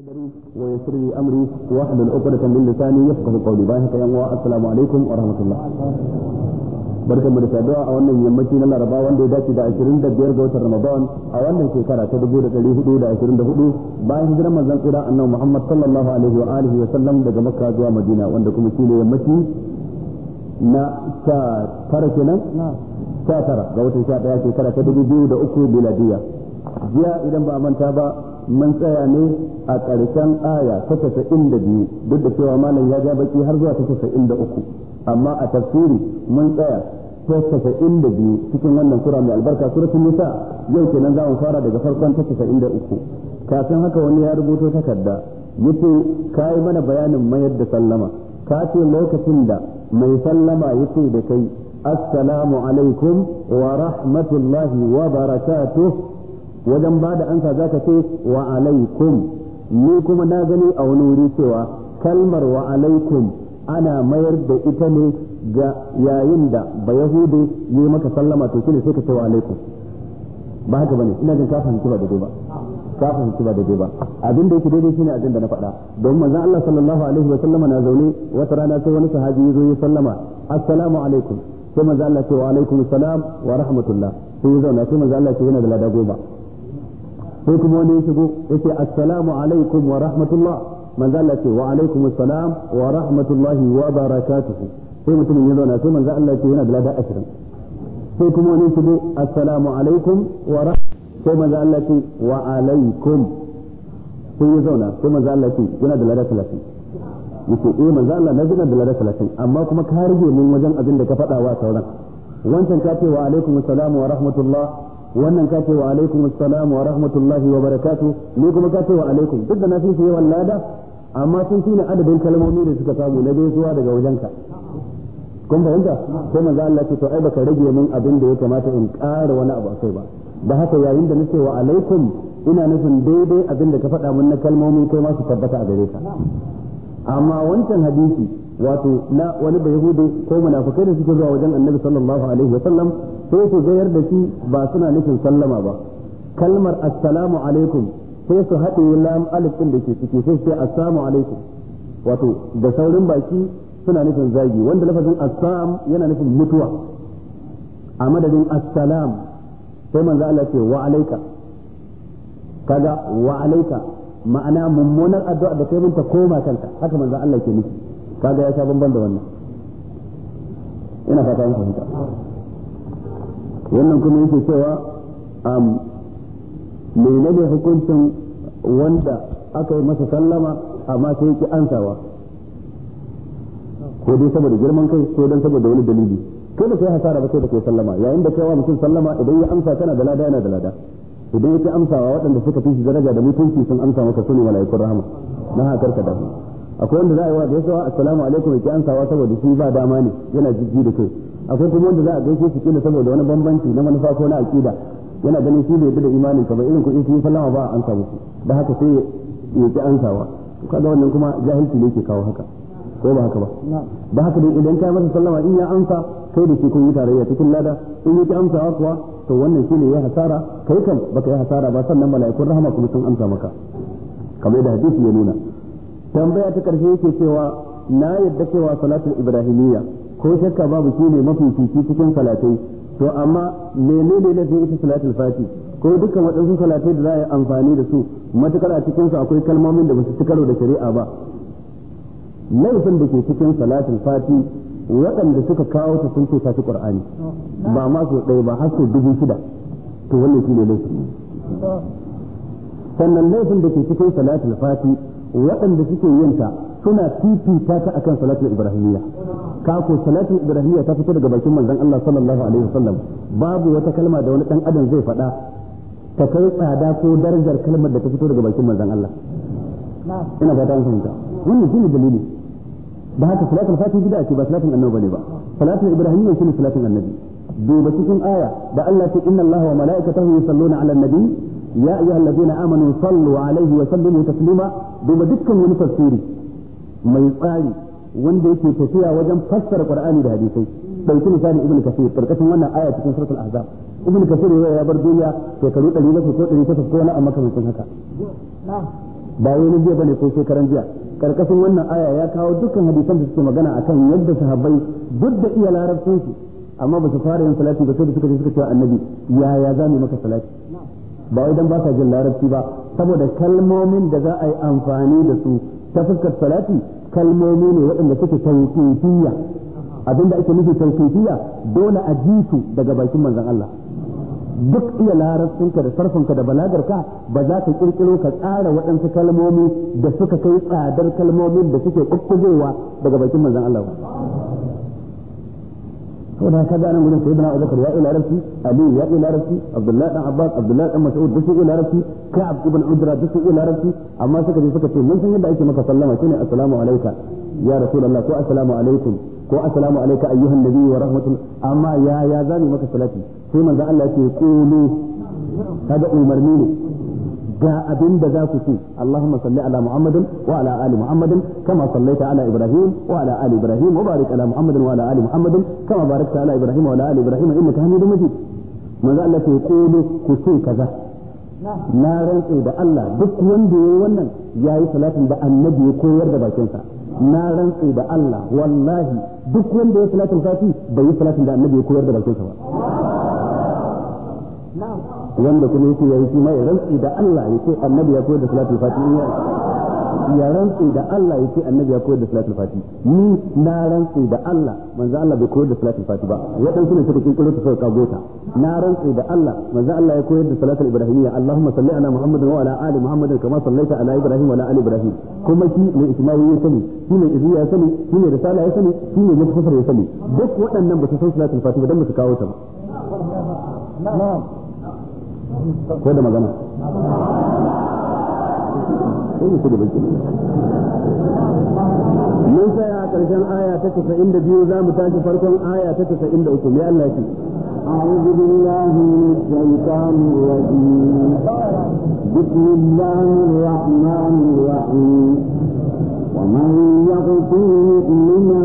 صدري ويسر لي امري واحلل عقدة من لساني يفقه قولي باي هكا ينوا da saduwa a wannan yammaci na laraba wanda ya dace da 25 ga watan ramadan a wannan shekara ta 1424 bayan hijirar manzon tsira annabi muhammad sallallahu alaihi wa alihi wa sallam daga makka zuwa madina wanda kuma shine yammaci na sha tara kenan sha tara ga watan sha daya shekara ta 2003 biladiya jiya idan ba a manta ba mun tsaya ne a ƙarshen aya ta casa'in da biyu duk da cewa malam ya ja baki har zuwa ta casa'in da uku amma a tafsiri mun tsaya ta casa'in da biyu cikin wannan kura mai albarka suratun nisa yau kenan za mu fara daga farkon ta casa'in da uku kafin haka wani ya rubuta takarda yace ka yi mana bayanin mayar da sallama ka lokacin da mai sallama yace da kai assalamu alaikum wa rahmatullahi wa barakatuh wajen ba da ansa zaka ce wa alaikum ni kuma na gani a wani wuri cewa kalmar wa alaikum ana mayar da ita ne ga yayin da ba hudu yi maka sallama to shine sai ka ce wa alaikum ba haka bane ina jin ka fahimci ba daidai ba ka fahimci ba daidai ba abin da yake daidai shine abin da na faɗa don manzon Allah sallallahu alaihi wa sallama na zaune wata rana sai wani sahabi yazo ya sallama assalamu alaikum sai manzon Allah ce wa alaikum wa rahmatullah sai ya zauna sai manzon Allah ce yana da lada goma sai kuma wani ya shigo yace assalamu alaikum wa rahmatullah manzo Allah ce wa alaikum assalam wa rahmatullahi wa barakatuhu sai mutumin ya zauna sai manzo Allah ce yana da lada 20 sai kuma wani ya shigo assalamu alaikum wa rahmatullahi sai manzo Allah ce wa alaikum sai ya zauna sai manzo Allah ce yana da lada 30 yace eh manzo Allah na gina da lada 30 amma kuma ka rage mun wajen abin da ka fada wa sauran wancan ka ce wa alaikum assalam wa rahmatullah wannan ka ce wa alaikum assalam wa rahmatullahi wa barakatu ni kuma ka ce wa alaikum duk da na fi yawan lada amma sun ne adadin kalmomi da suka samu na gaisuwa daga wajenka kun fahimta sai manzo Allah ce to ai baka rage min abin da ya kamata in ƙara wani abu akai ba da haka yayin da nace wa alaikum ina nufin daidai abin da ka faɗa min na kalmomi kai ma su tabbata a gare ka amma wancan hadisi wato na wani bai hudu ko munafikai da suke zuwa wajen annabi sallallahu alaihi wasallam sai su gayar da shi ba suna nufin sallama ba kalmar assalamu alaikum sai su haɗe lam alif din da ke ciki sai su ce assalamu alaikum wato da saurin baki suna nufin zagi wanda lafazin assam yana nufin mutuwa a madadin assalam sai manzo Allah ce wa alaika kaga wa alaika ma'ana mummunar addu'a da kai mun ta koma kanta haka manzo Allah ke nufi kaga ya sha bamban da wannan ina fata mun fahimta wannan kuma yake cewa am menene hukuncin wanda aka yi masa sallama amma sai yake ansawa ko dai saboda girman kai ko dan saboda wani dalili ko da sai hasara ba sai da kai sallama yayin da kaiwa mutum sallama idan ya amsa kana da lada yana da lada idan yake amsawa waɗanda suka fi shi daraja da mutunci sun amsa maka sune mala'ikun rahama na haka ka da akwai wanda za a yi wa sawa assalamu alaikum yake ansawa saboda shi ba dama ne yana jiki da kai akwai kuma wanda za a gaishe shi kila saboda wani bambanci na manufa ko na aqida yana ganin shi bai da imanin ka ba irin in su sallama ba an musu da haka sai ya ki ansawa kaga wannan kuma jahilci ne ke kawo haka ko ba haka ba da haka dai idan ka masa sallama in ya amsa kai da shi kun yi tarayya cikin lada in ya ki amsawa kuwa to wannan ne ya hasara kai kam baka yi hasara ba sannan mala'ikun rahama kuma sun amsa maka kamar da hadisi ya nuna tambaya ta karshe yake cewa na yadda cewa salatul ibrahimiyya ko shakka babu shi ne mafi fifi cikin salatai to amma menene lafi ita salatul fati ko dukkan waɗansu salatai da za a yi amfani da su matukar a cikin su akwai kalmomin da basu su karo da shari'a ba laifin da ke cikin salatul fati waɗanda suka kawo ta sun ce ta ci qur'ani ba ma su ɗaya ba har su dubu shida to wannan shi ne laifin sannan laifin da ke cikin salatul fati waɗanda suke yin ta suna fifita ta akan salatul ibrahimiyya ka ko salatul ibrahimiyya ta fito daga bakin manzon Allah sallallahu alaihi wasallam babu wata kalma da wani dan adam zai faɗa ta kai tsada ko darajar kalmar da ta fito daga bakin manzon Allah ina fata an fahimta wannan shine dalili ba haka salatul fatihi bid'a ce ba salatul annabi ne ba salatul ibrahimiyya shine salatul annabi duba cikin aya da Allah ya ce inna Allah wa mala'ikatahu yusalluna 'alan nabi ya ayyuha allazina amanin sallu alaihi wa sallimu taslima duba dukkan wani tafsiri mai tsari wanda yake tafiya wajen fassara qur'ani da hadisai dauki misali ibnu kasir karkashin wannan aya cikin suratul ahzab ibnu kasir ya bar duniya shekaru 100 ko 100 ko wani amma kamar haka ba wani jiya bane ko shekaran jiya karkashin wannan aya ya kawo dukkan hadisan da suke magana akan yadda sahabbai duk da iya larabcin su amma ba su fara yin salati ba sai da suka je suka ce annabi yaya za mu maka salati ba idan dan ba sa jin larabci ba saboda kalmomin da za a yi amfani da su ta fuskar salati kalmomi ne waɗanda suke tawqifiyya abinda ake nufi tawqifiyya dole a ji su daga bakin manzon Allah duk iya larabcinka da sarfinka da balagarka ba za ka kirkiro ka tsara waɗansu kalmomi da suka kai tsadar kalmomin da suke kukkuzowa daga bakin manzon Allah ba to da kaga nan gurin sayyidina Abu Bakar ya ila rafi Ali ya ila rafi Abdullah dan Abbas Abdullah dan Mas'ud duk ila rafi Ka'ab ibn Udra duk ila rafi amma suka je suka ce mun san yadda ake maka sallama shine assalamu alayka ya rasulullah ko assalamu alaikum ko assalamu alayka ayyuhan nabiy wa rahmatul amma ya ya zani maka salati sai manzo Allah ya ce qulu kaga umarni ne ga abin da za ku ce Allahumma salli ala Muhammadin wa ala ali Muhammadin kama sallaita ala Ibrahim wa ala ali Ibrahim wa barik ala Muhammadin wa ala ali Muhammadin kama barakta ala Ibrahim wa ala ali Ibrahim innaka Hamidum Majid manzo Allah ce qulu ku ce kaza na rantse da Allah duk wanda yayi wannan yayi salatin da annabi ya koyar da bakinsa na rantse da Allah wallahi duk wanda yayi salatin fati bai yi salatin da annabi ya koyar da bakinsa ba wanda kuma yake yayi shi ma ya rantsi da Allah yake annabi ya koyar da salatul fatiha ya rantsi da Allah yake annabi ya koyar da salatul fati ni na rantsi da Allah manzo Allah bai koyar da salatul fati ba waɗansu ne suka kinkiro su suka gota na rantsi da Allah manzo Allah ya koyar da salatul ibrahimiyya Allahumma salli ala Muhammadin wa ala ali Muhammadin kama sallaita ala Ibrahim wa ala ali Ibrahim kuma shi ne Isma'il ya sani shi ne Idris ya sani shi ne Risala ya sani shi ne Mustafa ya sani duk waɗannan ba su san salatul ba dan ba su kawo ta ba na'am ko da magana mun tsaya a ƙarshen aya ta casa'in da biyu za mu tashi farkon aya ta casa'in da uku mai Allah ce أعوذ بالله من الشيطان الرجيم بسم الله الرحمن الرحيم ومن يغفر مؤمنا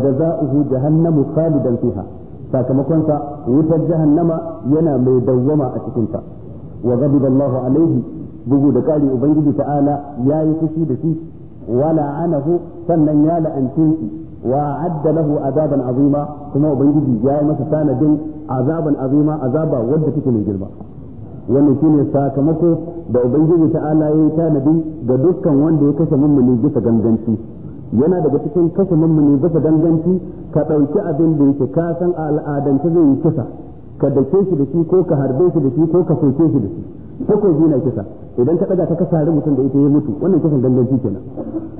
za فجزاؤه جهنم خالدا فيها sakamakon sa wutar jahannama yana mai dawwama a cikin ta wa ghadiba Allahu alaihi bugu da kari ubangiji ta'ala ya yi fushi da shi wa la'anahu sannan ya la'antin wa a'adda lahu azaban azima kuma ubangiji ya yi masa tanadin azaban azima azaba wadda take mai girma wannan shine sakamako da ubangiji ta'ala ya yi tanadi ga dukkan wanda ya kashe mummuni bisa ganganci yana daga cikin mu mummuni bisa danganci ka ɗauki abin da yake ka san a al'adance zai yi kisa ka dake shi da shi ko ka harbe shi da shi ko ka soke shi da shi ko ko na kisa idan ka ɗaga ka kasare mutum da ita ya mutu wannan kisan danganci kenan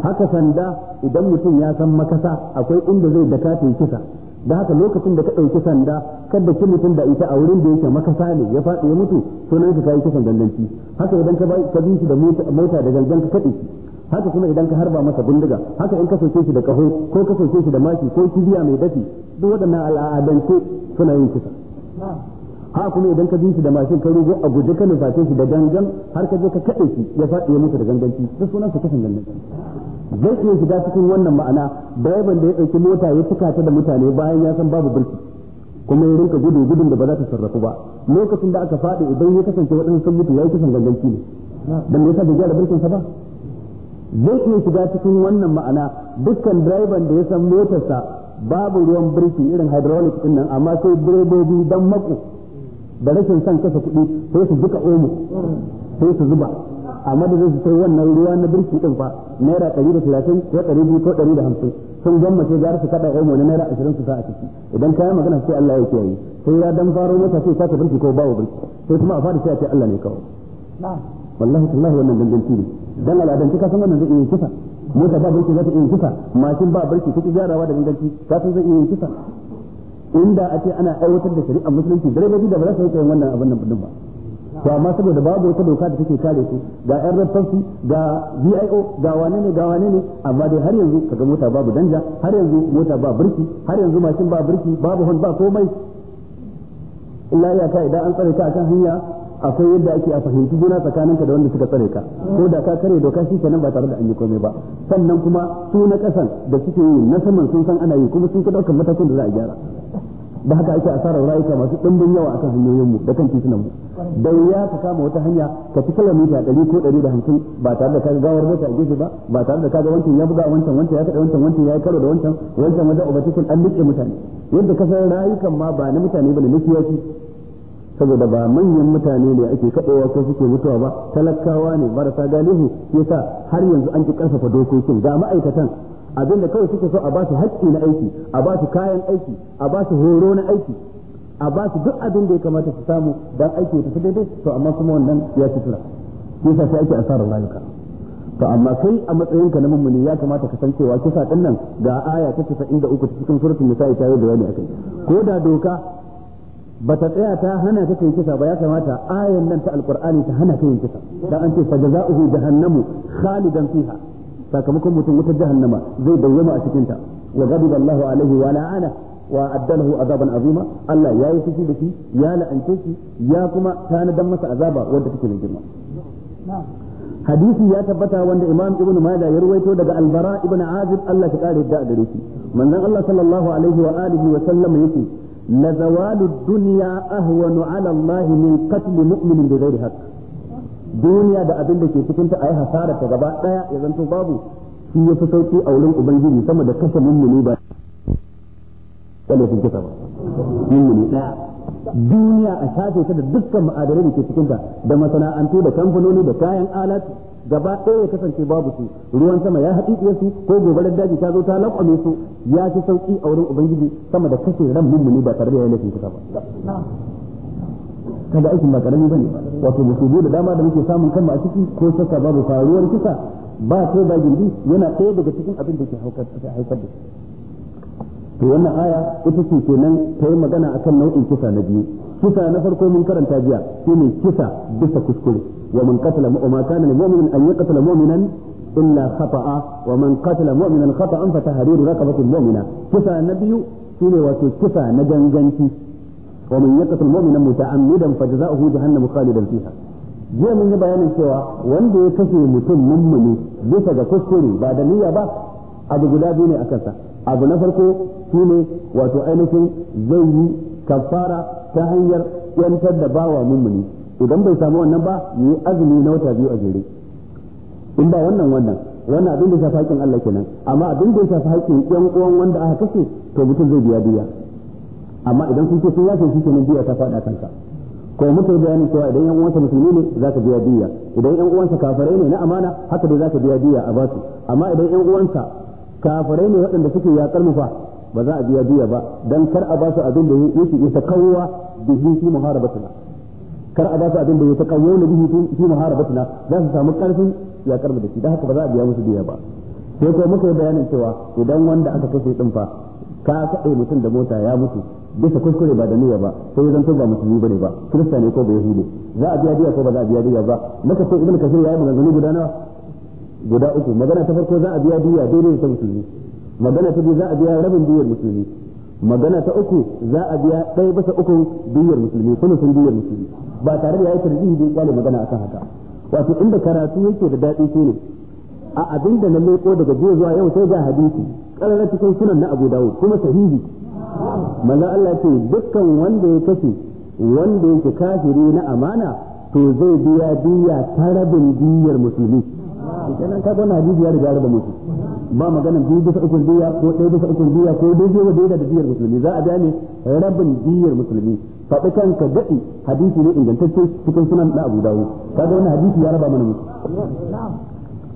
haka sanda idan mutum ya san makasa akwai inda zai da kisa da haka lokacin da ka ɗauki sanda kada ki mutum da ita a wurin da yake makasa ne ya faɗi ya mutu sunan ka kai kisan danganci haka idan ka bi shi da mota da gangan ka kaɗe shi haka kuma idan ka harba masa bindiga haka in kasance shi da kaho ko kasance shi da mashi ko kibiya mai dafi duk waɗannan al'adance suna yin kisa ha kuma idan ka bi shi da mashin ka rugo a guje ka nufatin shi da gangan har ka je ka kaɗe shi ya faɗi ya mutu da ganganci duk sunan su kasan gangan zai iya shiga cikin wannan ma'ana direban da ya ɗauki mota ya cika ta da mutane bayan ya san babu birki kuma ya rinka gudu gudun da ba za ta sarrafu ba lokacin da aka faɗi idan ya kasance waɗansu sun mutu ya yi kisan ganganci ne dan me yasa bai gyara birkin sa ba zai iya shiga cikin wannan ma'ana dukkan direban da ya san motarsa babu ruwan birki irin hydraulic din nan amma sai direbobi dan mako da rashin son kasa kuɗi sai su duka omo sai su zuba amma da zai sai wannan ruwa na birki din fa naira 130 ko 200 ko 150 sun gammace gara su kada omo na naira 20 su sa a ciki idan kayan magana sai Allah ya kiyaye sai ya dan faro mota sai saka birki ko babu birki sai kuma a fara sai a ce Allah ne kawo wallahi tallahi wannan dindin ne dan al'adan kika san wannan zai iya kisa mota ba barki za ta iya kisa mashin ba barki kike gyarawa da inganci ka san zai iya kisa inda a ce ana aiwatar da shari'a musulunci direbobi da ba za su yi wannan abin nan ba to amma saboda babu wata doka da take kare su ga yan rafansu ga BIO ga wane ne ga wane ne amma dai har yanzu kaga mota babu danja har yanzu mota ba birki har yanzu mashin ba birki babu hon ba komai illa kai idan an tsare ka akan hanya akwai yadda ake a fahimci juna tsakaninka da wanda suka tsare ka ko da ka kare doka shi kenan ba tare da an yi komai ba sannan kuma su na kasan da suke yi na saman sun san ana yi kuma sun ka daukar matakin da za a gyara da haka ake asarar rayuka masu ɗimbin yawa akan hanyoyinmu da kan titunanmu da ya ka kama wata hanya ka ci kilomita ɗari ko ɗari da hamsin ba tare da ka gawar mota a gefe ba ba tare da ka ga wancan ya buga wancan wancan ya kaɗa wancan wancan ya yi karo da wancan wancan wajen ubatikin an liƙe mutane yadda kasar rayukan ma ba na mutane ba ne na kiyaci saboda ba manyan mutane ne ake kaɗowa ko suke mutuwa ba talakawa ne marasa galihu sa har yanzu an ki ƙarfafa dokokin ga ma'aikatan abinda kawai suke so a ba su haƙƙi na aiki a ba su kayan aiki a ba su horo na aiki a ba su duk abin da ya kamata su samu dan aiki ya tafi daidai to amma kuma wannan ya ya sa sai ake asarar rayuka to amma kai a matsayinka na mummuni ya kamata ka san cewa kisa din nan ga aya ta cikin cikin suratul nisa ta yi bayani akai ko da doka ba ta tsaya ta hana ta kai kisa ba ya kamata ayan nan ta alkur'ani ta hana ta yin kisa dan an ce fa da jahannamu khalidan fiha sakamakon mutum wata jahannama zai bayyana a cikin ta wa ghadiba Allahu alaihi wa la'ana wa addalahu azaban azima Allah ya yi fushi da shi ya la'ance shi ya kuma tanadan masa azaba wanda take da girma hadisi ya tabbata wanda imam ibn majah ya ruwaito daga albara ibn azib Allah ya kare da gare shi manzon Allah sallallahu alaihi wa alihi wa sallam yake لزوال الدنيا أهون على الله من قتل مؤمن بغير حق duniya da abin da ke cikin ta ayi hasara ta gaba daya ya zanto babu shi ya fi sauki a wurin ubangiji sama da kashe mummuni ba wanda sun kisa ba mummuni daya duniya a shafe ta da dukkan ma'adarai da ke ta da masana'antu da kamfanoni da kayan alatu gaba ɗaya ya kasance babu su ruwan sama ya haɗiɗiye su ko gobarar daji ta zo ta lakwame su ya fi sauƙi a wurin ubangiji sama da kashe ran mummuni ba tare da yayin laifin kusa ba kada aikin ba karami bane wato musibu da dama da muke samun kanmu a ciki ko saka babu faruwar kisa ba sai ba gindi yana ɗaya daga cikin abin da ke haifar da shi to wannan aya ita ce kenan ta yi magana akan nau'in kisa na biyu kisa na farko mun karanta jiya shine kisa bisa kuskure wa man qatala mu'mina kana mu'minan an yaqtala mu'minan illa khata'a wa man qatala mu'minan khata'an fa tahriru raqabatin mu'mina kisa na biyu shine wato kisa na ganganci wa man yaqtal mu'minan muta'ammidan fajza'uhu jahannamu khalidan fiha jiya mun yi bayanin cewa wanda ya kashe mutum mummuni bisa ga kuskure ba da niyya ba abu guda biyu ne a kansa abu na farko shine wato ainihin zai yi kafara ta hanyar yantar da bawa mummuni idan bai samu wannan ba yi azumi na wata biyu a jere in ba wannan wannan wannan abin da shafi haƙƙin Allah kenan amma abin da shafi haƙƙin ƴan uwan wanda aka kashe to mutum zai biya biya amma idan sun ce sun yace shi kenan biya ta faɗa kanka ko mutum da bayanin cewa idan ƴan uwansa musulmi ne za ka biya biya idan ƴan uwansa kafirai ne na amana haka dai za ka biya biya a basu amma idan yan uwansa kafirai ne waɗanda suke yaƙar mu ba za a biya biya ba dan kar a ba su abin da yake isa kawwa bihi fi muharabatina kar a ba su abin da yake kawwa bihi fi muharabatina za su samu karfin ya karba da shi dan haka ba za a biya musu biya ba sai ko muka yi bayanin cewa idan wanda aka kashe din fa ka kaɗai mutum da mota ya mutu bisa kuskure ba da niyya ba sai ya zanto ba musulmi bane ba kirista ne ko ba yahudi za a biya biya ko ba za a biya biya ba muka ce ibnu kasir ya yi maganganu guda nawa guda uku magana ta farko za a biya biya daidai da ta musulmi magana ta biyu za a biya rabin biyar musulmi magana ta uku za a biya ɗaya bisa uku biyar musulmi kuma sun biyar musulmi ba tare da yi tarjihi bin kwale magana akan haka wato inda karatu yake da daɗi ne a abinda na leko daga jiya zuwa yau sai ga hadisi ƙarar cikin sunan na Abu Dawud kuma sahihi manzo Allah ce dukkan wanda ya kashe wanda yake kafiri na amana to zai biya biya ta rabin biyar musulmi kenan ka ga hadisi ya riga da ba maganan biyu bisa uku biya ko ɗaya bisa uku biya ko dai wa da da biyar musulmi za a gane rabin biyar musulmi faɗi kanka daɗi hadisi ne ingantacce cikin sunan na abu dawo kaga wani hadisi ya raba mana musu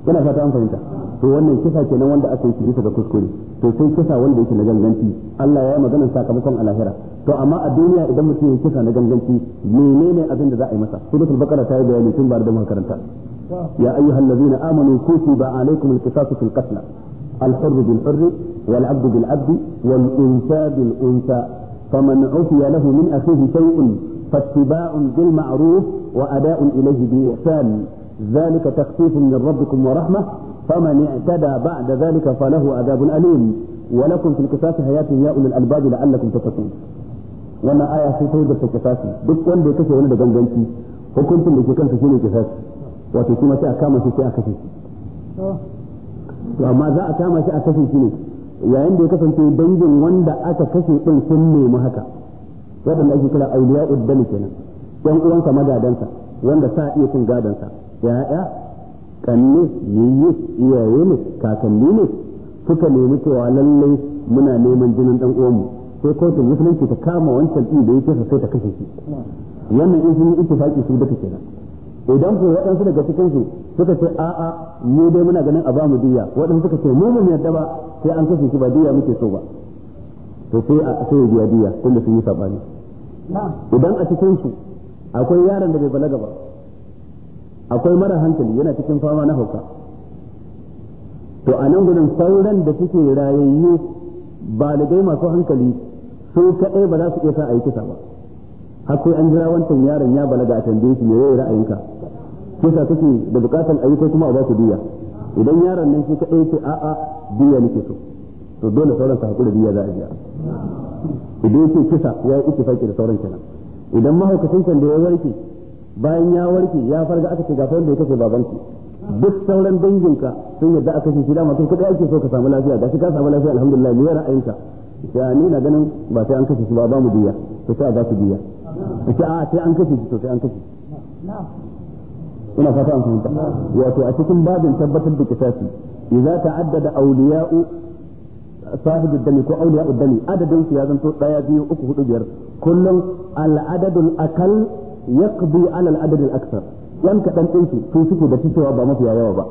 yana fata an fahimta to wannan kisa kenan wanda aka yi bisa ga kuskure to sai kisa wanda yake na ganganci Allah ya yi maganar sakamakon alahira to amma a duniya idan mutum ya kisa na ganganci menene abin da za a yi masa suratul baqara ta yi bayani tun ba da makaranta ya ayyuhal ladina amanu kutiba alaykum al fil qatl al-hurr bil hurr wal 'abd bil 'abd wal unsa bil unsa faman 'ufiya lahu min akhihi shay'un fattiba'un bil ma'ruf wa ada'un ilayhi bi ihsan ذلك تخفيف من ربكم ورحمة فمن اعتدى بعد ذلك فله عذاب أليم ولكم في القصاص حياة يا أولي الألباب لعلكم تتقون وما آية في سورة القصاص بكل بكل ولد جنجنتي حكمت اللي كان في سورة القصاص وتكون شيئا كاما في شيئا كفي اه. وما ذا كاما شيئا كفي سنة ya inda ya kasance dangin wanda aka kashe din sun nemi haka wadanda ake kira auliya uddani kenan yan uwansa magadansa wanda sa iya cin gadansa ya'ya kanne yiyi iyaye ne kakanni ne suka nemi cewa lallai muna neman jinin dan uwanmu sai kotun musulunci ta kama wancan din da yake sai ta kashe shi wannan in sun yi ittifaki su duka kenan idan ko waɗansu daga cikin su suka ce a'a mu dai muna ganin a ba mu diya waɗansu suka ce mu mun yarda ba sai an kashe shi ba diya muke so ba to sai a sai ya biya diya tunda sun yi sabani idan a cikin su akwai yaron da bai balaga ba akwai mara hankali yana cikin fama na hauka to a nan gudun sauran da suke rayayyu baligai masu hankali su kaɗai ba za su iya sa a yi kisa ba har sai an jira wancan yaron ya balaga a tambaye shi me yayi ra'ayinka kisa kake da a ayi ko kuma a ba su biya idan yaron nan shi kaɗai ce a'a biya nake so to dole sauran su hakuri biya za a biya idan yake kisa ya yi ittifaki da sauran kenan idan mahaukacin kan da ya warke bayan ya warke ya farga aka ce ga fa wanda ya kace babanki duk sauran danginka sun yadda aka ce shi da mutum kudi ake so ka samu lafiya gashi ka samu lafiya alhamdulillah me ra'ayinka ya ni na ganin ba sai an kashe shi ba ba mu biya to sai a ba su biya sai a sai an kashe shi to sai an kashe ina fata an fahimta wato a cikin babin tabbatar da kisasi idza ta'addada awliya'u sahibu dami ko awliya'u dami adadin su ya zanto daya biyu uku hudu biyar kullum al adadul akal yaqdi ala al-adad al yan kaɗan ɗin su su suke da cewa ba mafiya yawa ba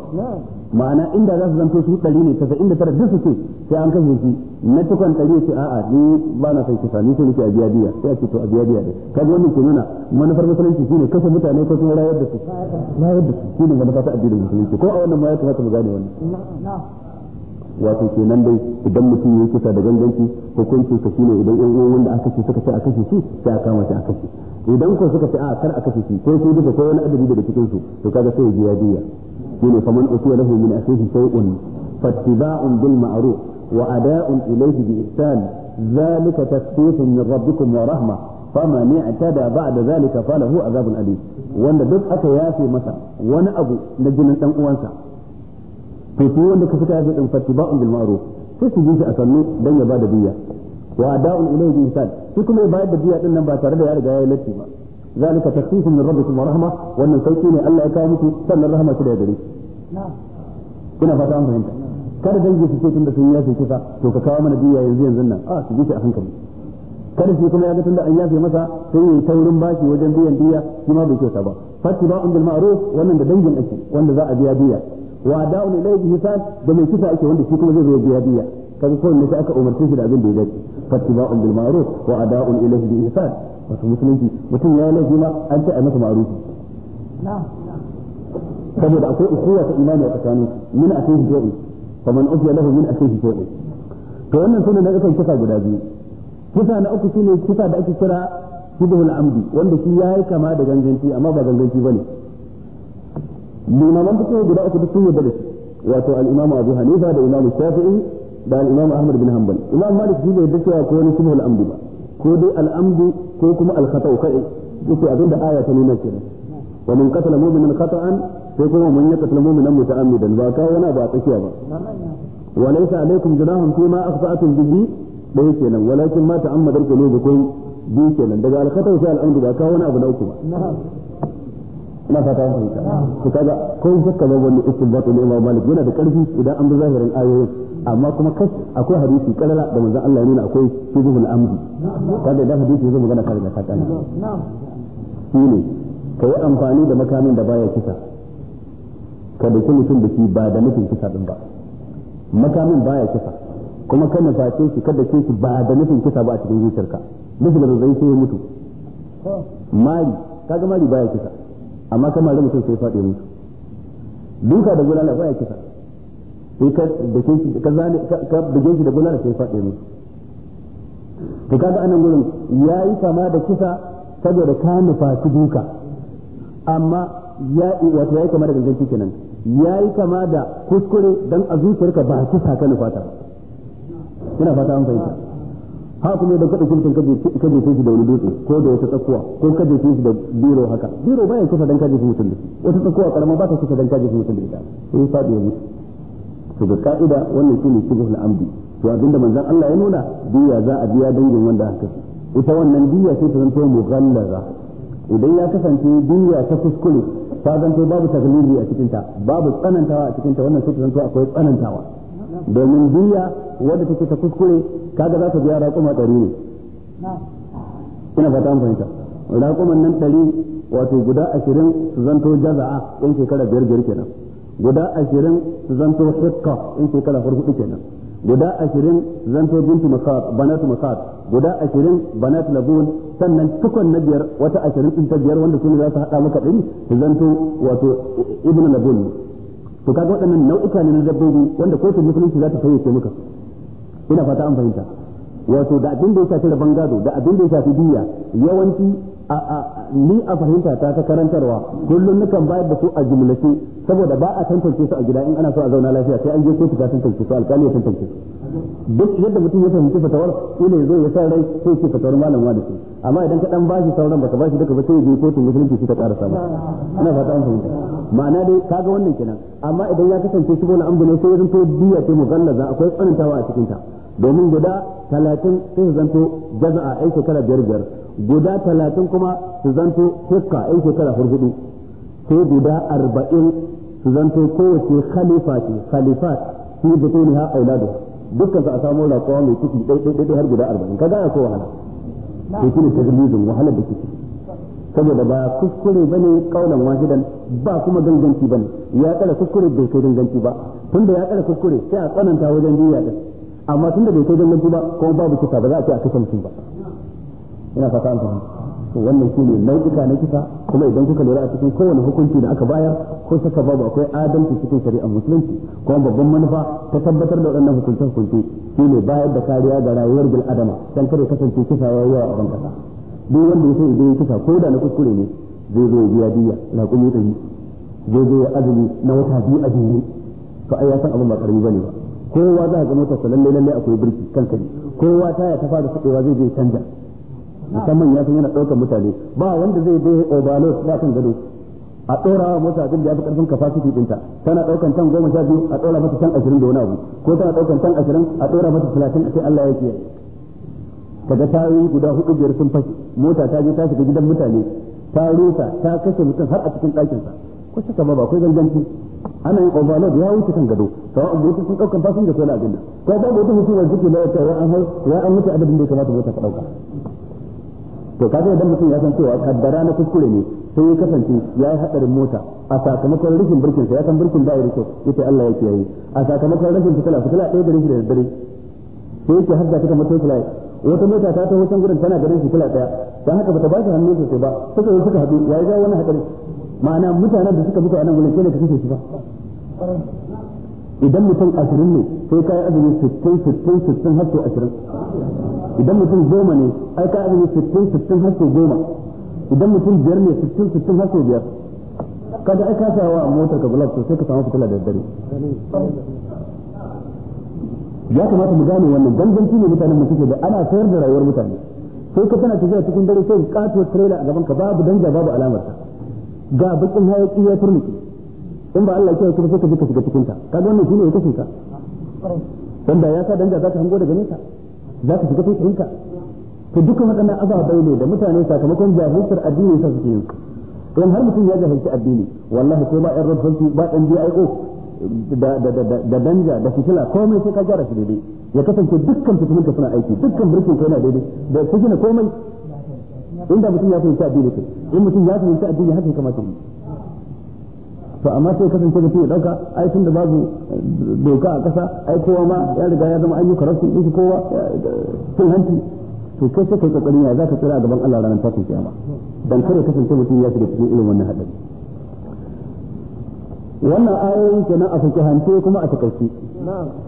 ma'ana inda za su zanto su ɗari ne tasa'in da tara duk su ce sai an kashe shi na cikon ɗari ce a'a ni ba na son kisa ni sai nake a biya biya sai a ce to a biya biya ɗin kaga wannan ke nuna manufar musulunci shine kashe mutane ko kuma rayar da su rayar da su shine manufa ta addinin musulunci ko a wannan ma ya kamata mu gane wannan wato kenan dai idan mutum ya kisa da ganganci hukuncin ka shine idan yan uwan wanda aka ce suka ce a kashe shi sai a kama shi a kashe idan ko suka ce a kar a kashe shi ko su duka ko wani adadi daga cikin su to kaga sai ya biya diya shine faman utiya lahu min akhihi shay'un fattiba'un bil ma'ruf wa ada'un ilayhi bi ihsan zalika tasfifun min rabbikum wa rahma faman i'tada ba'da zalika falahu azabun alim wanda duk aka yafe masa wani abu na jinin dan uwansa to shi wanda ka suka yafe din fattiba'un bil ma'ruf sai su ji a sannu dan ya bada biya. wa da'un ilayhi insan shi kuma ya bayar da biya din nan ba tare da ya riga ya yi latti ba zalika tasfifun min rabbikum wa rahma wannan sauki ne Allah ya kawo muku sannan rahma shi da gare ina fata an fahimta kada dangi su ce tunda sun yafe kisa to ka kawo mana biya yanzu yanzu nan a ah, su ji a hankali kada shi kuma ya ga tunda an yafe masa sai ya taurin bashi wajen biyan biya shi ma bai kyauta ba fattiba'un bil ma'ruf wannan da dangin ake wanda za a biya biya wa da'un ilayhi hisan da mai kisa ake wanda shi kuma zai zo biya biya kaga kowanne sai aka umarce shi da abin da ya dace فاتباع بالمعروف واداء اليه باحسان وفي مسلم في مسلم لا يجمع ان تامك معروف نعم, نعم. فبدا اخوة اخوة ايمان وتكانوس من اخيه شيء فمن اذي له من اخيه شيء كأن سنة نقصة كفا قدازي كفا نقصة سنة كفا بأس سرى شبه العمد وان بسي ياهي كما دا جنجنتي اما با جنجنتي بني لما من بسي قدازي بسي بلس واتو الامام ابو حنيفة دا الشافعي da al-imam ahmad bin hanbal imam malik shi bai dace ko wani shibhul amdi ba ko dai al ko kuma al-khata'u kai yace da aya ta nuna kenan wa man qatala mu'minan khata'an sai kuma mun man yaqtala mu'minan muta'ammidan ba kawo wani ba tsakiya ba wa laysa alaykum junahun fi ma akhta'tum bihi dai kenan walakin ma ta'ammadat qulubukum bi kenan daga al-khata'u sai al-amdu ba kawo wani abu na uku ba na fata mun fahimta to kaga ko zakka ba wani istinbat ne Imam Malik yana da karfi idan an bi zahirin ayoyin amma kuma kai akwai hadisi kalala da manzon Allah ya nuna akwai shubhul amdi kada da hadisi zai magana kare ka kana shine yi amfani da makamin da baya kisa ka daki mutum da shi ba da nufin kisa din ba makamin baya kisa kuma kana face shi kada ke shi ba da nufin kisa ba a cikin zuciyarka nufin da zai sai ya mutu mali kaga mali baya kisa amma kamar mutum sai ya fadi mutu duka da gulala baya kisa sai ka dake shi ka zane ka buge shi da bulala sai faɗe mu to kaga anan gurin yayi kama da kisa saboda ka nufa duka amma ya wato yayi kama da gangan kenan yayi kama da kuskure dan a zuciyarka ba kisa ka nufa ta yana fata an fahimta ha kuma da kada kintin kaje kaje shi da wani dutse ko da wata tsakuwa ko kaje shi da biro haka biro baya kusa dan kaje shi mutum da wata tsakuwa karama ba ta kusa dan kaje shi mutum da ita sai faɗe to da ka'ida wannan shine shibhul amdi to abinda manzon Allah ya nuna diya za a biya dangin wanda aka kashe ita wannan diya sai ta zanto mughallaza idan ya kasance diya ta kuskure ta zanto babu taglibi a cikin ta babu tsanantawa a cikin ta wannan sai ta zanto akwai tsanantawa domin diya wanda take ta kuskure kaga za ta biya raƙuma ɗari ne ina fata an fahimta raƙuman nan ɗari wato guda ashirin su zanto jaza'a ɗan shekara biyar biyar kenan guda ashirin su zanto hikka in shekara hudu kenan guda ashirin zanto bintu masad banatu masad guda ashirin banatu labun sannan tukon na biyar wata ashirin din ta biyar wanda sun za su hada maka din su zanto wato ibnu labun to kaga waɗannan nau'uka ne na dabbobi wanda ko su musulunci za ta fayyace maka ina fata an fahimta wato da abin da ya shafi rabon gado da abin da ya shafi biya yawanci ni a fahimta ta ta karantarwa kullum nukan bayar da su a jumlace saboda ba a tantance su a gida in ana so a zauna lafiya sai an je kotu ka tantance su alƙali ya tantance su duk yadda mutum ya fahimci fatawar ina ya zo ya san rai sai ke fatawar malam da shi. amma idan ka dan bashi sauran baka bashi duka ba sai je kotu musulunci su ta ƙara samu ina fata an fahimta ma'ana dai kaga wannan kenan amma idan ya kasance shi bola an sai ya zanto biya ce mugallaza akwai tsanantawa a cikin ta domin guda talatin sai zanto jaza'a ai shekara biyar biyar guda talatin kuma su zanto hukka yan shekara hurhudu sai guda arba'in su zanto kowace khalifa ce khalifat fi ha auladu dukkan su a samu raƙuwa mai ciki ɗaiɗaiɗaiɗai har guda arba'in ka gaya ko wahala sai shine zirgin wahalar da kike saboda ba kuskure bane kaulan wahidan ba kuma ganganci bane ya tsara kuskure bai kai ganganci ba tunda ya tsara kuskure sai a tsananta wajen biya din amma tunda bai kai ganganci ba kuma babu kisa ba za a ce a kasance ba ina fata an fahimta to wannan ne nau'uka na kisa kuma idan kuka lura a cikin kowane hukunci da aka bayar ko saka babu akwai adalci cikin shari'ar musulunci kuma babban manufa ta tabbatar da waɗannan hukunce hukunce ne bayar da kariya ga rayuwar bil adama dan kada kasance kisa ya yawa a bankasa duk wanda ya so idan ya kisa ko da na kuskure ne zai zo ya biya diya na kuma zai zo ya azumi na wata biyu a jere to ai ya san abin ba karami bane ba kowa za ka ga motarsa lalle lalle akwai birki kanka kowa kowa taya ta fara sakewa zai je canja musamman ya san yana ɗaukar mutane ba wanda zai je obalo ba kan gado a ɗora mota abin da ya fi ƙarfin capacity ɗinta tana ɗaukar tan goma sha biyu a ɗora mata tan ashirin da wani abu ko tana ɗaukar tan ashirin a ɗora mata talatin a sai Allah ya kiyaye kaga ta yi guda hudu biyar sun fashe mota ta je ta shiga gidan mutane ta rusa ta kashe mutum har a cikin ɗakinsa ko shi kama ba ko zanganci ana yin overload ya wuce kan gado sawa'un mota sun ɗaukan da ko na abin ko babu wata hukumar da take lawar ta ya an mutu adadin da ya kamata mota ka ɗauka to kaga idan mutum ya san cewa kaddara na kuskure ne sai ya kasance ya yi hadarin mota a sakamakon rashin birkin sa ya san birkin ba ya rike yace Allah yake yi a sakamakon rashin fitila fitila ɗaya da shi da dare sai yake hadda mota kamar fitila wata mota ta taho can gurin tana garin fitila ɗaya dan haka bata ba shi hannun sosai ba suka yi suka haɗu ya ga wani hadari ma'ana mutanen da suka mutu a nan gurin sai ne kake shi ba idan mutum ashirin ne sai kai azumi 60 60 60 har to ashirin idan mutum goma ne ai ka azumi sittin sittin har sau goma idan mutum biyar ne sittin sittin har sau biyar kada ai ka sa wa motar ka gulab sai ka samu fitila da dare ya kamata mu gane wannan ganganci ne mutanen mu suke da ana sayar da rayuwar mutane sai ka tana tafiya cikin dare sai kato trailer a gaban ka babu danja babu alamar ta ga bakin hayaki ya turnuke in ba Allah ya kiyaye sai ka bi ka shiga cikin ta kaga wannan shine ya kashe ka dan da ya sa danja za hango daga nesa za ka shiga taitayinka to dukkan waɗannan ababai ne da mutane sakamakon jahilcin addini sa suke yin in har mutum ya jahilci addini wallahi ko ba ɗan rabbanci ba ɗan DIO da da danja da fitila komai sai ka gyara su daidai ya kasance dukkan fitilunka suna aiki dukkan birkin ka na daidai da ku gina komai inda mutum ya fahimci addini in mutum ya fahimci addini haka ya kamata mu. to amma sai kasance da ya dauka ai da babu doka a kasa ai kowa ma ya riga ya zama an yi karatu kowa cin hanci to kai sai kai kokari ya zaka tsira a gaban Allah ranar tashin kiyama dan kare kasance mutum ya shiga cikin irin wannan hadari wannan ayoyin kenan a fakihance kuma a takaice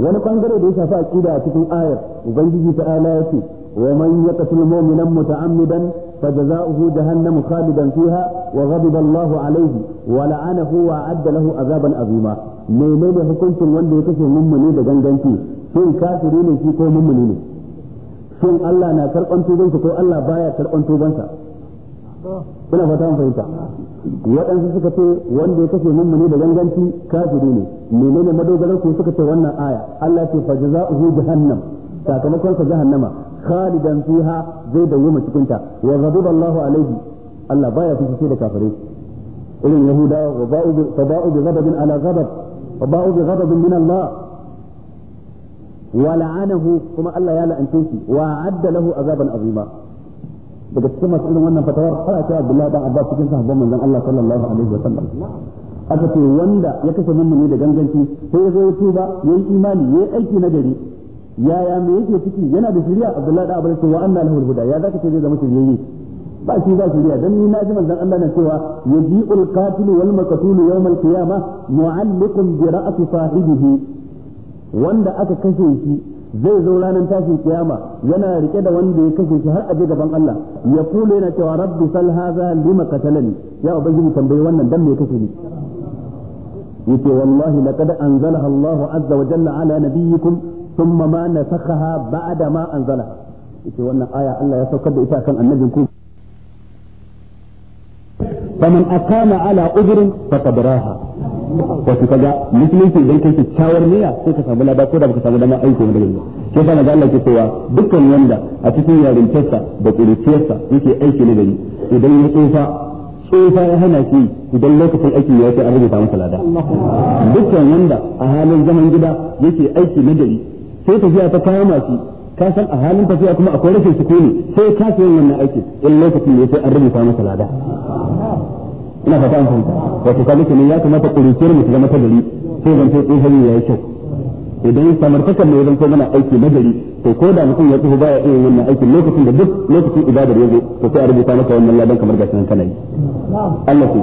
wani bangare da ya shafi aqida a cikin ayar ubangiji ta ala yace wa man yaqtul mu'minan muta'ammidan fajaza'uhu jahannamu khalidan fiha وغضب الله عليه ولعنه وأعد له عذابا عظيما menene hukuncin wanda ya kashe mummuni da ganganci shin kafiri ne shi ko mummuni ne shin Allah na karɓan tubansa ko Allah baya karɓan sa ina fata mun fahimta waɗansu suka ce wanda ya kashe mummuni da ganganci kafiri ne menene madogaran ku suka ce wannan aya Allah ce fajza'uhu jahannam sakamakon sa jahannama khalidan fiha zai dawo cikin ta wa ghadiba Allahu alaihi Allah baya fushi da kafirai irin yahudawa wa ba'u bi taba'u bi ghadabin ala ghadab wa ba'u bi ghadabin min Allah wa la'anahu kuma Allah ya la'ance shi wa adda lahu azaban azima daga cikin masu irin wannan fatawar fara ta Abdullahi dan Abbas cikin sahabban manzon Allah sallallahu alaihi wa sallam aka ce wanda ya kashe mummuni da ganganci sai ya zo ya tuba yayi imani yayi aiki na gari yaya me yake ciki yana da shari'a Abdullahi dan Abbas wa anna lahu al-huda ya zaka ce zai zama shiriyayye ba shi za su riya dan ni na ji manzon Allah na cewa yaji'ul qatil wal maqtul yawm al qiyamah mu'alliqun bi ra'si sahibihi wanda aka kashe shi zai zo ranar tashin kiyama yana rike da wanda ya kashe shi har a je gaban Allah ya kula yana cewa rabbi sal hadha lima qatalani ya ubangiji tambayi wannan dan me kashe ni yace wallahi laqad anzalaha Allah azza wa jalla ala nabiyyikum thumma ma nasakhaha ba'da ma anzalaha yace wannan aya Allah ya saukar da ita kan annabin ku faman aqama ala ujrin faqad raha wato kaga musulunci idan kai kyakkyawar niyya sai ka samu lada ko da baka samu dama aiki wanda yanzu ke sa ga Allah ke cewa dukkan wanda a cikin yarintarsa da kuruciyarsa yake aiki na gari idan ya tsufa tsufa ya hana shi idan lokacin aiki ya a an rubuta masa lada dukkan wanda a halin zaman gida yake aiki na gari sai tafiya ta kama shi ka san a halin tafiya kuma akwai rashin sukuni sai ka yin wannan aiki in lokacin ya ce an rubuta masa lada ina fata an fahimta wato ka nake ne ya kamata kuruciyar mu zama ta gari sai zan sai in ya yi kyau idan samartakar ne zan ko mana aiki na gari to ko da mutum ya tafi baya iya wannan aikin lokacin da duk lokacin ibadar ya zo to sai a rubuta maka wannan ladan kamar gashi nan kana yi Allah ku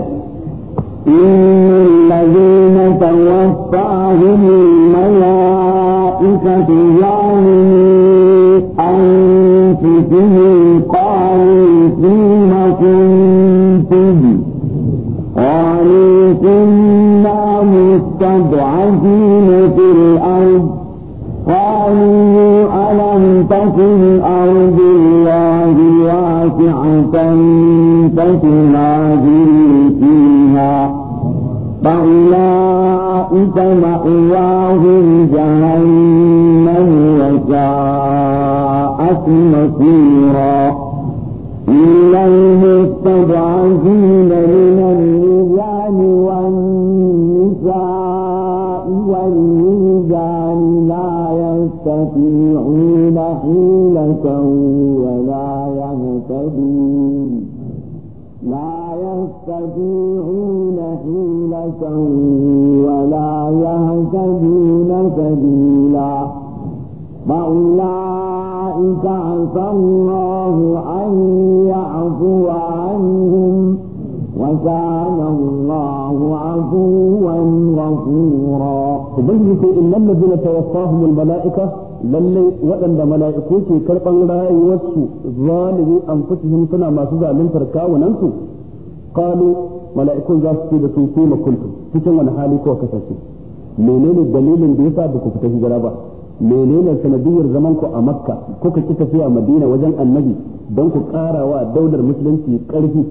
إن الذين توفاهم الملائكة ظالمي أنفسهم قالوا فيه المستضعفين في الأرض قالوا ألم تكن أرض الله واسعة فتهاجروا فيها فأولئك مأواهم جهنم وساءت مصيرا إلا المستضعفين من الأرض يستطيعون حيلة ولا يهتدون لا يستطيعون حيلة ولا يهتدون سبيلا فأولئك عسى الله أن يعفو عنهم وكان الله عفوا غفورا ubangiji ko innal ladina tawaffahum al malaika lallai waɗanda mala'iku ke karban rayuwarsu zalimi anfusihim suna masu zaluntar kawunansu su qalu mala'ikun za su ce da su kuma kuntu cikin wani hali ko kasance menene dalilin da yasa ba ku fita hijira ba menene sanadiyar zaman ku a makka kuka ki tafiya madina wajen annabi don ku wa daular musulunci karfi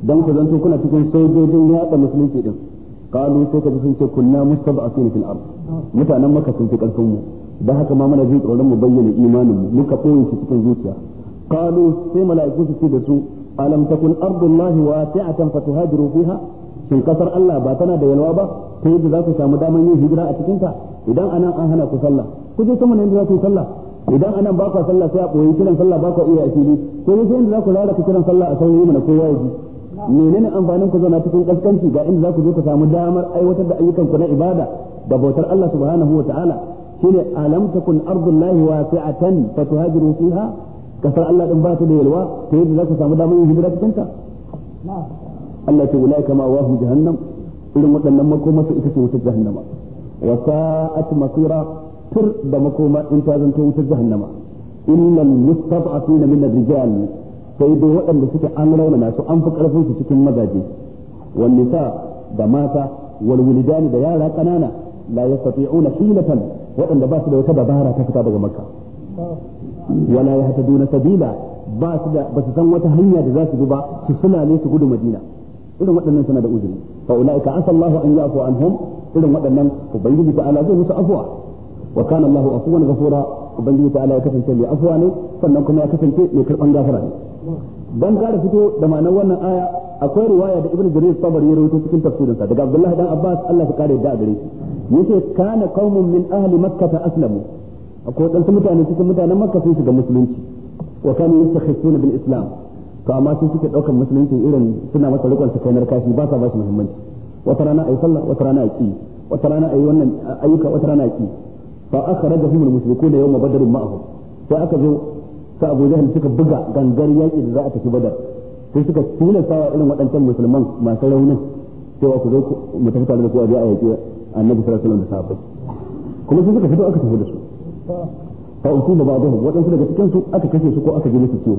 don ku zanto kuna cikin sojojin yaɗa musulunci din qalu sai ka sun ce kunna a fil ard mutanen maka sun fi karfin mu dan haka ma muna jin tsoron mu bayyana imanin mu muka koyi shi cikin zuciya qalu sai mala'iku su ce da su alam takun ardullahi wasi'atan fatuhajiru fiha shin kasar Allah ba tana da yalwa ba ta yadda za ku samu damar yin hijira a cikinta idan anan an hana ku sallah ku je kuma ne za ku sallah idan anan ba sallah sai a koyi kiran sallah iya a fili ko ne sai za ku lalata kiran sallah a sauyi mana kowa ya menene amfanin ku zauna cikin kaskanci ga inda za ku zo ku samu damar aiwatar da ayyukan ku na ibada da bautar Allah subhanahu wa ta'ala shine alam takun ardullahi wasi'atan fatuhajiru fiha kasar Allah din ba ta da yalwa ta yadda za ku samu damar yin hijira cikin ta Allah ce ulai kama wahu jahannam irin waɗannan makoma su ita ce wutar jahannama wa sa'at masira tur da makoma in ta zanto wutar jahannama illal mustad'afina min ar-rijal sai dai waɗanda suke an raunana su an fi karfin su cikin mazaje wani sa da mata wal da yara kanana la una hilatan waɗanda ba su da wata dabara ta fita daga makka wala yahtaduna sabila ba su da ba su san wata hanya da za su bi ba su sulale su gudu madina irin waɗannan suna da uzuri fa ulaika asallahu an ya'fu anhum irin waɗannan ubangiji ta ala zai musu afwa wa kana gafura afuwan ghafura ubangiji ta Allah ya kasance mai afuwa ne sannan kuma ya kasance mai karban gafara ne da gara fito da ma'anar wannan aya akwai riwaya da Ibn Jarir Sabari ya rawaito cikin tafsirinsa daga Abdullah dan Abbas Allah ya kare da gare shi yace kana qaumun min ahli makkah aslamu akwai dan mutane cikin mutanen makka sun shiga musulunci wa kanu yastakhisuna bil islam to amma sun suke daukar musulunci irin suna masa rikon sa kainar kashi ba sa ba shi muhimmanci wata rana ayi sallah wannan fa akhrajahum al-mushrikuuna yawma badr ma'ahum sai aka zo abuja Abu Jahl suka buga gangar yaki da za a tafi badar sai suka tilasta wa irin waɗancan musulman masu raunin cewa ku zo mu tafi da ku a je a yaki annabi sallallahu alaihi wasallam da sahabbai kuma sun suka fito aka tafi da su fa usu da ba'dhum waɗansu daga aka kashe su ko aka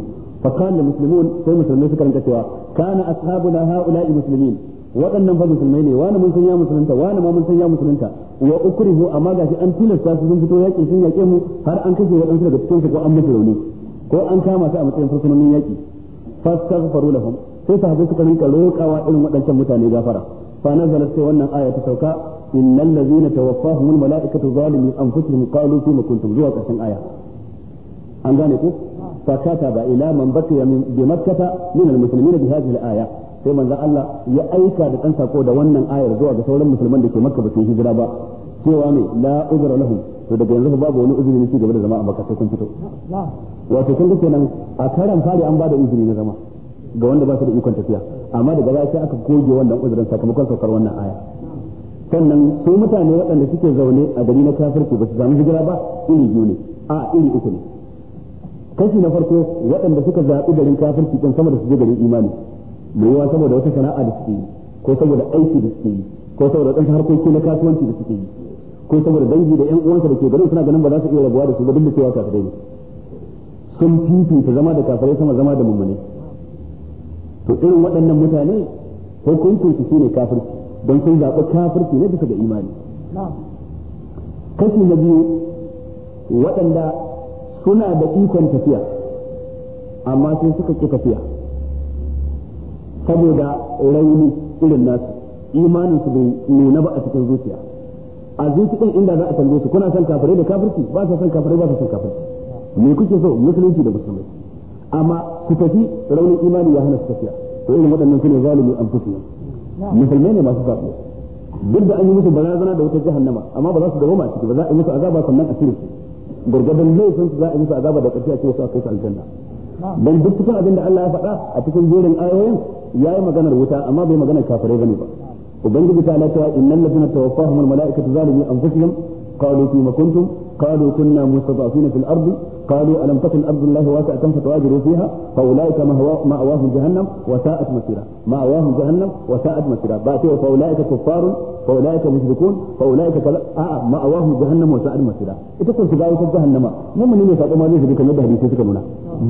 المسلمون في مسلمين فكرا كان أصحابنا هؤلاء مسلمين waɗannan fa musulmai ne wani mun san ya musulunta wani ma mun san ya musulunta wa ukrihu amma gashi an tilasta su sun fito yaƙi sun yaƙe mu har an kashe waɗansu daga cikin su ko an musu rauni ko an kama su a matsayin fursunonin yaƙi fastaghfaru lahum sai sahabbai suka rinka roƙawa irin waɗancan mutane gafara fa nazalat sai wannan aya ta sauka innal ladzina tawaffahumul malaikatu zalimi anfusihim qalu fima kuntum zuwa ƙarshen aya an gane ku fa kataba ila man baqiya min bi makkah min al-muslimina bi hadhihi al-aya sai manzon Allah ya aika da ɗan sako da wannan ayar zuwa ga sauran musulman da ke Makka ba su hijira ba cewa ne la uzra lahum to daga yanzu babu wani uzuri ne cigaba da zama a Makka sai kun fito wato kun kenan a karan fari an bada uzuri na zama ga wanda ba su da ikon tafiya amma daga baya sai aka goge wannan uzurin sakamakon saukar wannan aya sannan su mutane waɗanda suke zaune a gari na kafirci ba su samu hijira ba iri biyu ne a iri uku ne kashi na farko waɗanda suka zaɓi garin kafirci ɗin sama da su je garin imani da saboda wata sana'a da suke yi ko saboda aiki da suke yi ko saboda wadansu harkoki na kasuwanci da suke yi ko saboda dangi da yan uwansa da ke garin suna ganin ba za su iya rabuwa da su ba duk da cewa kafirai ne sun fifita zama da kafirai sama zama da mummune to irin waɗannan mutane hukuncin su shine kafirci don sun zaɓi kafirci ne bisa ga imani kashi na biyu waɗanda suna da ikon tafiya amma sai suka ƙi tafiya saboda rauni irin nasu imanin su bai nuna ba a cikin zuciya a zuciyan inda za a tambaye su kuna son kafirai da kafirci ba sa son kafirai ba sa son kafirci me kuke so musulunci da musulmai amma su tafi raunin imani ya hana su tafiya to irin waɗannan su ne zalimi an fusu musulmai ne masu zaɓo duk da an yi musu barazana da wata jahannama amma ba za su dawoma a ciki ba za a yi musu azaba sannan a cire su Gargadin laifin su za a yi musu azaba da ƙarshe a ce su a kai su aljanna dan duk cikin abin da Allah ya faɗa a cikin jerin ayoyin yi maganar wuta amma bai maganar kafirai bane ba ubangiji ta lata innal ladina tawaffahumul malaikatu zalimi anfusihim qalu fima kuntum قالوا كنا مستضعفين في الارض قالوا الم تكن ارض الله واسعه فتهاجروا فيها فاولئك ماواهم جهنم وساءت مصيرا ماواهم جهنم وساءت مصيرا باتي فاولئك كفار فاولئك مشركون فاولئك كذا آه ماواهم جهنم وساءت مصيرا ita kun shiga wutar jahannama mu'mini ne sabo ma zai shiga kamar da hadisi suka nuna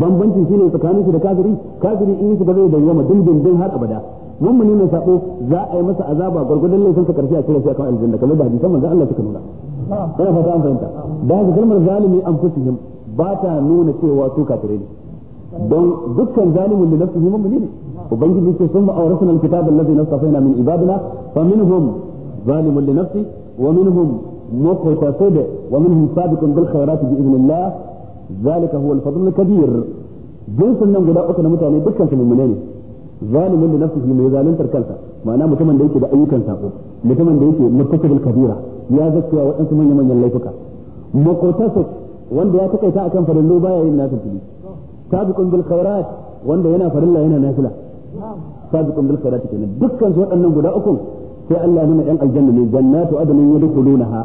bambancin shine tsakanin shi da kafiri kafiri in shi ba zai dawwama dindindin har abada mummuni mai sabo za a yi masa azaba gurgurdan laifin sa karshe a cikin shi akan aljanna kamar da hadisan manzo Allah suka nuna kana fa san fahimta da haka kalmar zalimi an fusihim ba ta nuna cewa su kafirai ne don dukkan zalimin da nafsihi mu'mini ne ubangiji ce sun ma'aurasuna alkitab allazi nastafaina min ibadina fa minhum zalimun li nafsi wa minhum muqtasid wa minhum sabiqun bil khairat bi idnillah zalika huwa al-fadl al-kabir jinsin nan guda uku na mutane dukkan su mu'mini ne zalimin li nafsihi mai zaluntar kansa ma'ana mutumin da yake da ayyukan sako mutumin da yake muttaqil kabira ya zakkiya waɗansu manya manyan laifuka makotarsa wanda ya takaita akan farillo baya yin nafil fili sabiqun bil khairat wanda yana farilla yana nafila sabiqun bil khairat kenan dukkan su waɗannan guda uku sai Allah nuna ɗan aljanna ne jannatu adnin yadkhulunaha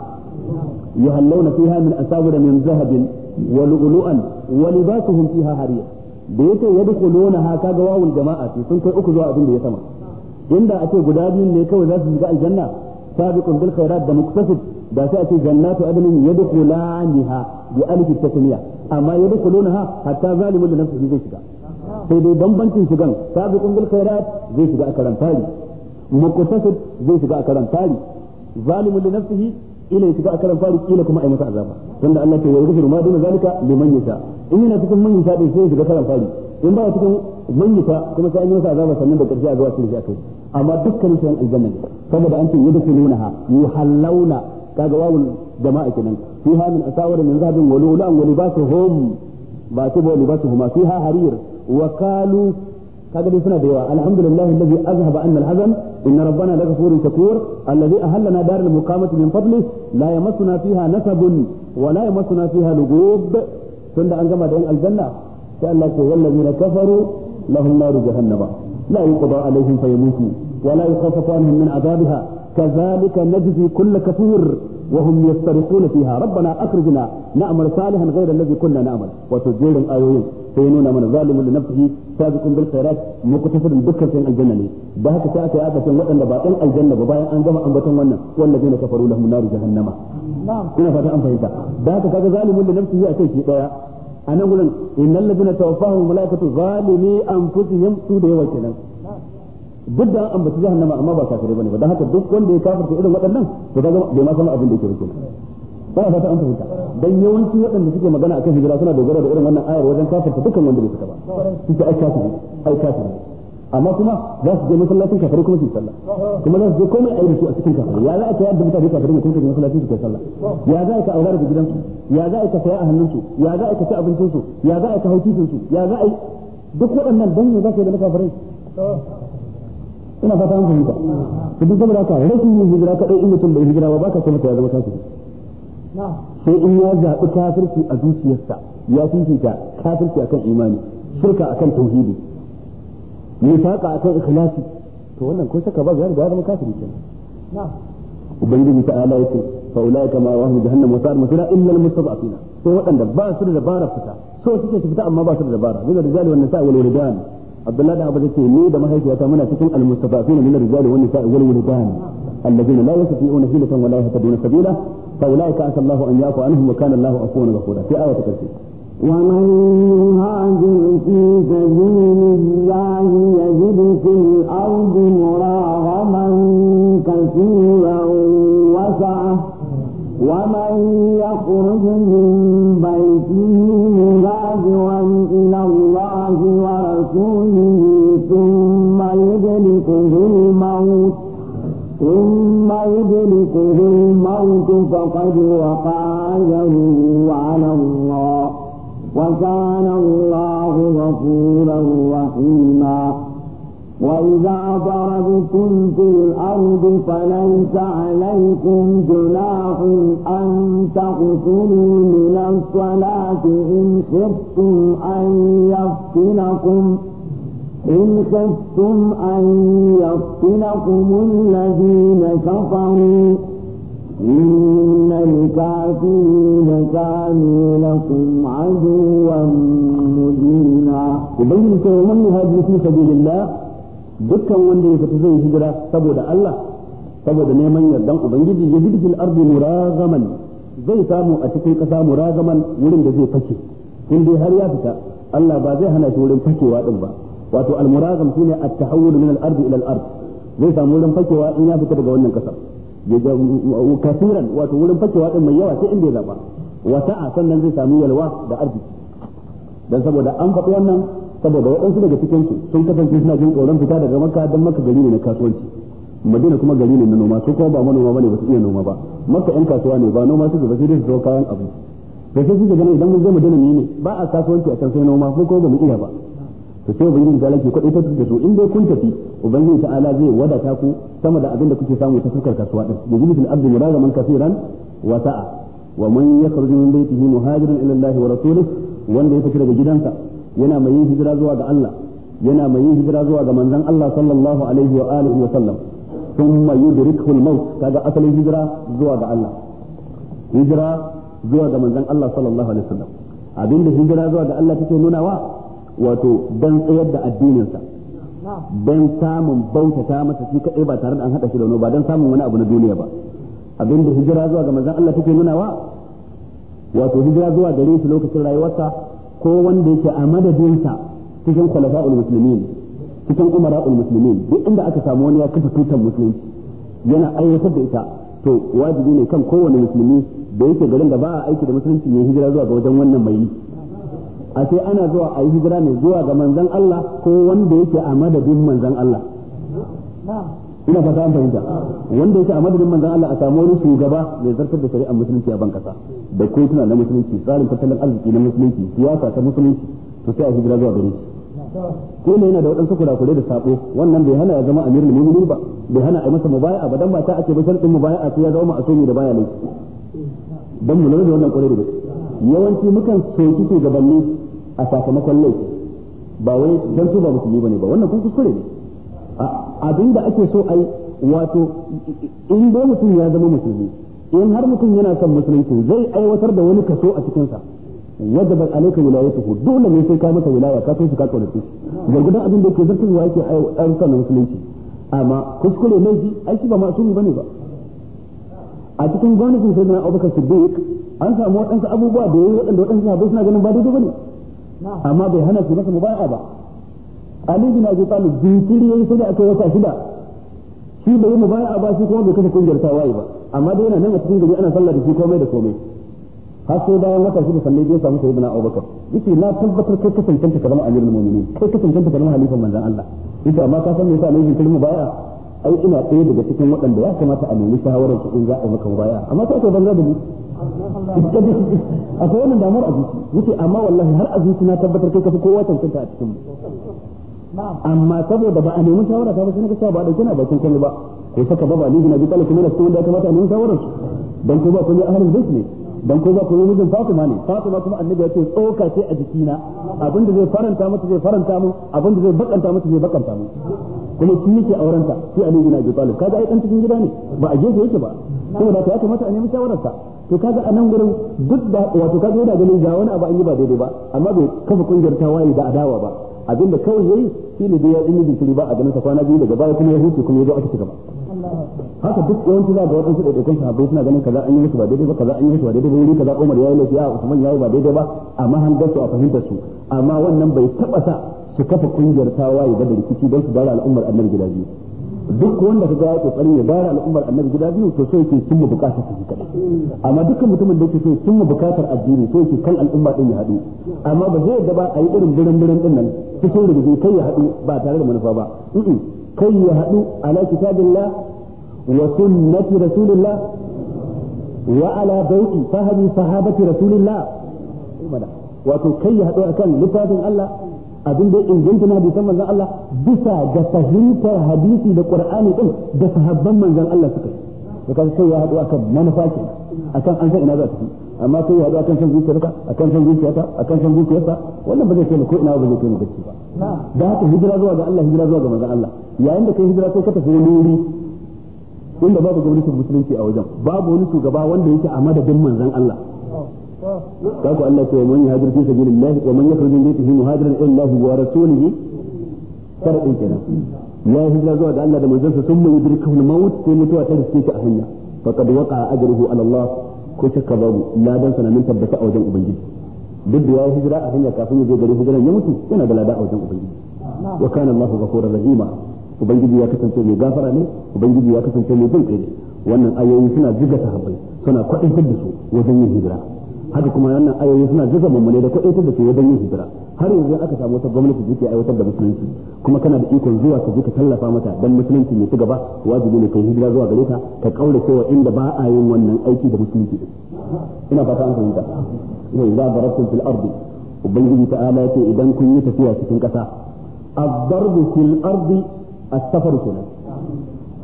yuhallawna fiha min asawira min zahabin wa lu'lu'an wa libasuhum fiha hariya da yake yadkhulunaha kaga wawul jama'a sun kai uku zuwa abin da ya sama inda a ce guda biyun ne kawai za su shiga aljanna sabiqun bil khairat da muktasid da sai a ce jannatu adnin yadkhulaniha bi alif tasmiya amma yadkhulunaha hatta zalimun li nafsihi zai shiga sai dai bambancin shigan sabiqun bil zai shiga a karan fari muktasid zai shiga a karan fari zalimun li nafsihi ila ya shiga a karan fari kila kuma ai masa azaba wanda Allah ke yi in yana cikin man sai ya shiga karan in ba cikin zayyita kuma sai an yi masa azaba sannan da ƙarshe a zuwa sun shi amma dukkan shi aljanna ne saboda an ce yadkhulunaha yuhallawna kaga wawun jama'a kenan fiha min asawir min zabin wa lu'lu'an wa libasuhum ba su ba libasuhuma fiha harir wa qalu kaga dai suna da yawa alhamdulillah alladhi azhaba anna alhazan inna rabbana laghafurun shakur alladhi ahallana dar almuqamati min fadli la yamassuna fiha nasabun wa la yamassuna fiha lugub tunda an gama da yan aljanna sai Allah ce wallazina kafaru lahum naru jahannama la yuqda alaihim fayamutu wa la yukhaffafu anhum min azabiha كذلك نجزي كل كفور وهم يسترقون فيها ربنا اخرجنا نعمل صالحا غير الذي كنا نعمل وتجير ايوين سينونا من ظالم لنفسه سابق بالخيرات مكتسب بكر في الجنه لي ده هكا ساعه يا ابا وان باطن الجنه وبايا ان جمع ان بطن ون والذين كفروا لهم نار جهنم نعم كنا فاتا ان فهمت ده هكا كذا ظالم لنفسه اتي شيء anan gurin innal ladina tawaffahum malaikatu zalimi anfusihim su da yawa kenan duk da an bace jahannama amma ba kafirai bane ba dan haka duk wanda ya kafirta irin waɗannan to ga bai ma san abin da yake ba kenan ba ba ta an fahimta dan yawanci waɗanda suke magana akan hijira suna dogara da irin wannan ayar wajen kafirta dukkan wanda bai fita ba suke ai kafiri ai kafiri amma kuma za su je masallacin kafirai kuma su yi sallah kuma za su je komai aure su a cikin kafirai ya za a kayar da mutane kafirai mutum ka je masallacin su kai sallah ya za a ka aure daga gidansu ya za a ka saya a hannunsu ya za a ka ci abincinsu ya za a ka hau titin ya za a yi duk waɗannan dan ne za su yi da kafirai ina fata an fahimta su duk saboda ka rashin yin hijira kaɗai in mutum bai hijira ba baka kuma ta zama kafiri sai in ya zaɓi kafirci a zuciyarsa ya fifita kafirci akan imani shirka akan tauhidi nifaqa akan ikhlasi to wannan ko saka ba zai da zama kafiri kenan na'am ubangiji ta ala yake fa ulaika ma wahum jahannam wa sa'at masira illa al mustada'ina to wadanda ba su da dabara fita so suke su fita amma ba su da dabara min rijali wan nisa'i wal abdullahi da abu yake ni da mahaifiyata muna cikin al mustada'ina min rijali wan nisa'i wal wuldan الذين لا يستطيعون حيلة ولا يهتدون سبيلا فأولئك asallahu الله أن يعفو عنهم وكان الله عفوا غفورا في آية تكرسي ومن يهاجر في سبيل الله يجد في الأرض مراغما كثيرا وسعة ومن يخرج من بيته مهاجرا إلى الله ورسوله ثم يدركه الموت ثم يدركه الموت فقد وقع أجره على الله وكان الله غفورا رحيما وإذا ضربتم في الأرض فليس عليكم جناح أن تقتلوا من الصلاة إن خفتم أن يفتنكم إن خفتم أن يفتنكم الذين كفروا إن الكافرين كانوا لكم عدوا مبينا وبين ومن يهاجر في سبيل الله دكا وندي فتزي هجرة سبود الله saboda neman yardan ubangiji ya jirgin ardi muragaman zai samu a cikin kasa muragaman wurin da zai fake in dai har ya fita Allah ba zai hana shi wurin fakewa din ba wato al-muragam shine at-tahawul min al-ardi ila al zai samu wurin fakewa in ya fita daga wannan ƙasar. kasiran wato wurin fakewa din mai yawa sai inda ya zaba wasa'a sannan zai sami yalwa da arziki dan saboda an faɗi wannan saboda waɗansu daga cikin su sun kasance suna jin tsoron fita daga makka dan makka gari ne na kasuwanci madina kuma gari ne na noma su kuma ba manoma bane ba su iya noma ba makka yan kasuwa ne ba noma suke ba sai dai su kayan abu da sai suke ganin idan mun je madina ne ba a kasuwanci a can sai noma mu kuma ba mu iya ba to sai ubangiji ta lake kwadai ta da su in dai kun tafi ubangiji ta ala zai wadata ku sama da abin da kuke samu ta fuskar kasuwa din yajibu fil ardi muragaman kaseeran wa sa'a wa man yakhruju min baytihi muhajiran ila Allah wa rasulih wanda ya fita daga gidansa yana mai yin hijira zuwa ga Allah yana mai yin hijira zuwa ga manzon Allah sallallahu alaihi wa alihi wa sallam thumma yudrikuhu al-maut kaga asalin hijira zuwa ga Allah hijira zuwa ga manzon Allah sallallahu alaihi wa sallam abinda hijira zuwa ga Allah take nunawa wato dan tsayar da addininsa dan samun bautata masa shi kadai ba tare da an hada shi da wani ba dan samun wani abu na duniya ba abinda da hijira zuwa ga manzon Allah take nunawa wato hijira zuwa gare shi lokacin rayuwarsa ko wanda yake a madadinsa cikin khulafa'ul muslimin cikin umara'ul muslimin duk inda aka samu wani ya kafa tutar musulunci yana aiwatar da ita to wajibi ne kan kowane musulmi da yake garin da ba a aiki da musulunci ne hijira zuwa ga wajen wannan mai a ce ana zuwa a yi hijira ne zuwa ga manzon Allah ko wanda yake a madadin manzon Allah ina fata an fahimta wanda yake a madadin manzon Allah a samu wani shugaba mai zartar da shari'ar musulunci a ban kasa da kai tuna na musulunci tsarin tattalin arziki na musulunci siyasa ta musulunci to sai a hijira zuwa gare shi ko ne yana da waɗansu kurakurai da sabo wannan bai hana ya zama amirul mu'minin ba bai hana a masa mubaya'a ba dan ba ta ake ba sharɗin mubaya'a sai ya zama ma'asumi da baya laifi dan mu lura da wannan kwarai da gaske yawanci mukan soki gabanni a sakamakon laifi ba wai don su ba musulmi bane ba wannan kun kuskure ne abin da ake so ai wato in dai mutum ya zama musulmi in har mutum yana son musulunci zai aiwatar da wani kaso a cikinsa Wadda wajaba alaika hudu dole ne sai ka masa wilaya ka so shi ka kaunace gurgudan abin da ke zartarwa yake aiwatar da musulunci amma kuskure laifi ai shi ba masumi bane ba a cikin sun sai na abubakar siddiq an samu waɗansu abubuwa da yi waɗanda waɗansu bai suna ganin ba daidai ba ne amma bai hana su masa mubaya ba Ali bin Abi Talib jinkiri yayi sai aka wata shida shi bai mubaya ba shi kuma bai kafa kungiyar tawaye ba amma dai yana nan a cikin gari ana sallah da shi komai da komai har sai bayan wata shida sannan bai samu sayyidina Abubakar yace na tabbatar kai ka tantance ka zama amirul mu'minin kai ka tantance ka zama halifan manzon Allah yace amma ka san me yasa ne jinkirin mubaya ai ina ɗaya daga cikin waɗanda ya kamata a nemi shawarar su in za a maka mubaya amma sai ka banza da ni akwai wannan damar a zuci amma wallahi har a zuci na tabbatar kai kafi kowa tantanta a cikin amma saboda ba a nemi shawara ta ba sai na ga ba dauke na bakin kani ba ko saka ba ba ni na bi talaka ne sun da kamata a nemi shawarar su dan ko ba ko ahlul bait ne dan ko ba ko mijin Fatima ne Fatima kuma annabi ya ce tsoka ce a jikina abinda zai faranta mata zai faranta mu abinda zai bakanta mata zai bakanta mu kuma shi yake ta shi Ali bin Abi Talib kaga ai dan cikin gida ne ba a gefe yake ba kuma da ya kamata a nemi ta to kaga a nan gurin duk da wato kaga yana ganin ga wani abu an yi ba daidai ba amma bai kafa kungiyar waye da adawa ba abinda kawai yayi shi ne da ya dinga jinkiri ba a ganin sa kwana biyu daga baya kuma ya huce kuma ya zo aka cigaba haka duk yawanci za ga waɗansu dokan sahabbai suna ganin kaza an yi musu ba daidai ba kaza an yi musu ba daidai ba wuri kaza Umar yayi laifi a Usman yayi ba daidai ba amma han gasu a fahimtar su amma wannan bai taba sa su kafa kungiyar tawaye da rikici don su dara al'ummar annabi gida biyu duk wanda ka ga kokarin ya dara al'ummar annabi gida biyu to sai yake cimma bukatar su kada amma dukkan mutumin da yake so cimma bukatar addini sai yake kan al'umma din ya hadu amma ba zai yadda ba a yi irin biran biran din nan cikin rubutu kai ya hadu ba tare da manufa ba kai ya hadu ala kitabillah wa sunnati rasulillah wa ala baiti fahmi sahabati rasulillah wato kai ya hadu akan littafin Allah abin da inganta na hadisan manzon Allah bisa ga fahimtar hadisi da Qur'ani din da sahabban manzon Allah suka yi da kaga sai ya hadu akan manufa ke akan an san ina za su amma sai ya hadu akan san ka akan san ta akan san ta wannan ba zai kai ko ina ba zai kai gaci ba da haka hijira zuwa ga Allah hijira zuwa ga manzon Allah yayin da kai hijira sai ka tafi wani wuri inda babu gwamnatin musulunci a wajen babu wani shugaba wanda yake a madadin manzon Allah kaku Allah ce man yahajir fi sabilillah wa man yakhruj min baytihi muhajiran ila Allah wa rasulihi farqun kenan ya hijira zuwa da Allah da manzansa sun mai dirkahu maut ko mutuwa ta riske shi a hanya kad waqa ajruhu ala Allah ko shakka babu ladan min tabbata a wajen ubangiji duk da ya hijira a hanya kafin ya je gari hijiran ya mutu yana da lada a wajen ubangiji wa kana Allah ghafurur rahima ubangiji ya kasance mai gafara ne ubangiji ya kasance mai bin kai wannan ayoyi suna jigata habai suna kwadaitar da su wajen yin hijira haka kuma wannan ayoyi suna zuga mummune da ita da su wajen yin hijira har yanzu aka samu wata gwamnati da ke aiwatar da musulunci kuma kana da ikon zuwa ka je ka tallafa mata dan musulunci mai ci gaba wajibi ne kai hijira zuwa gare ta ka kaure cewa inda ba a yin wannan aiki da musulunci ina fata an fahimta ne za baratu fil ardi ubangiji ta ala yace idan kun yi tafiya cikin kasa ad-darbu fil ardi as-safar kuna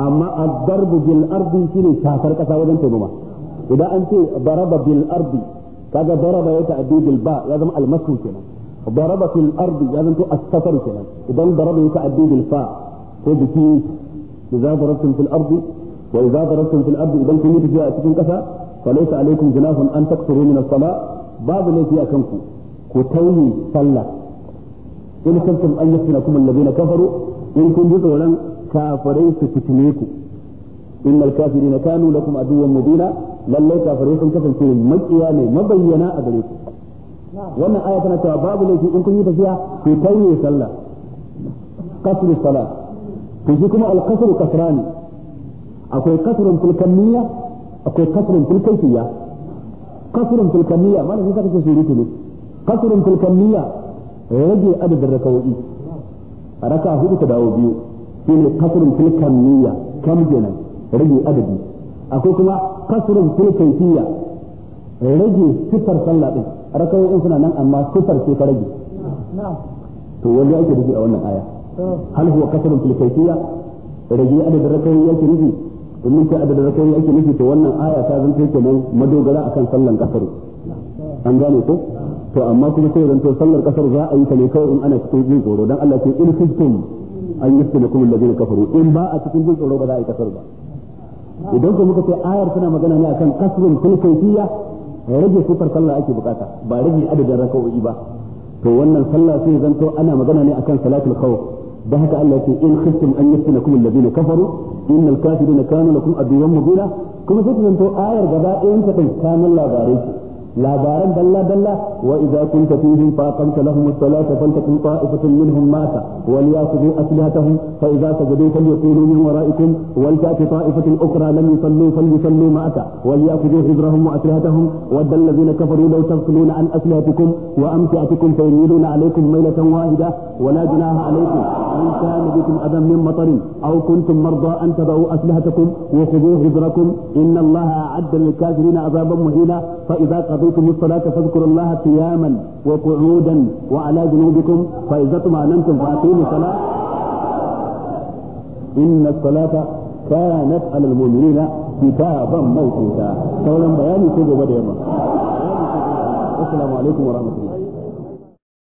amma ad-darbu bil ardi shine shafar kasa wajen taimama idan an ce baraba bil ardi kaga daraba ya ta'addid al ba ya zama al masu kenan daraba fil ardi ya zama as safar kenan idan daraba ya ta'addid al fa ko biki idza darabtum fil ardi wa idza darabtum fil ardi idan kun yi tafiya a cikin kasa falaysa alaykum junahun an taksuru min as sala babu laifi akan ku ku tauye sallah in kuntum an yaftinakum alladhina kafaru in kun ji tsoron kafirai su fitine ku innal kafirina kanu lakum aduwwan mubina lallai kafirai sun kasance makiya ne mabayyana a gare ku wannan aya tana cewa babu laifi in kun yi tafiya ku tauye sallah kasru salat to shi kuma al-kasru kasrani akwai kasrun fil akwai kasrun fil kayfiyya kasrun fil kamiyya malamin zaka ce surutu ne kasrun fil kamiyya rage adadin rakawoyi raka hudu ta dawo biyu shine kasrun fil kamiyya kam kenan rage adadin. akwai kuma kasrun fil kayfiyya rage sifar sallah din in suna nan amma sifar ce ka rage to wanda ake rufi a wannan aya oh. hal huwa kasrun fil kayfiyya rage adadin rakawoyi ake nufi mun ce adadin rakawoyi yake nufi to wannan aya ta zanto kenan madogara akan sallan kasaru an gane ko to amma kuma sai zanto sallar kasar za a yi ta ne kawai in ana cikin jin tsoro dan Allah ce in kuntum an yaftu lakum alladhina kafaru in ba a cikin jin tsoro ba za a yi kasar ba idan ku muka ce ayar tana magana ne akan kasrun fil kayfiyya rage sifar sallah ake bukata ba rage adadin raka'o'i ba to wannan sallah sai zanto ana magana ne akan salatul khawf da haka Allah yake in khiftum an yaftinakum alladhina kafaru innal kafirina kanu lakum aduwwan mubina kuma sai zanto ayar gaba ɗayan ta kai kanun labarai labaran dalla dalla wa idza kunta fihim fa aqamta lahum as-salata faltaqum ta'ifatun minhum ma'aka wa liyaqudu aslihatahum fa idza sajadu falyaqulu min wara'ikum wal ta'ti ta'ifatun ukhra lam yusallu falyusallu ma'aka wa liyaqudu hijrahum wa aslihatahum wa alladhina kafaru law tafsiluna an aslihatikum wa amti'atikum fa yamiluna alaykum maylatan wahida wa la junaha alaykum in kana bikum adan min matarin aw kuntum marda an tad'u aslihatakum wa khudhu hijrakum inna allaha a'adda lil kafirin azaban muhina fa idza qad أقيتم الصلاة فاذكروا الله قياما وقعودا وعلى جنوبكم فإذا اطمأننتم فأقيموا الصلاة إن الصلاة كانت على المؤمنين كتابا موقوتا قولا بياني كذا بدأ السلام عليكم ورحمة الله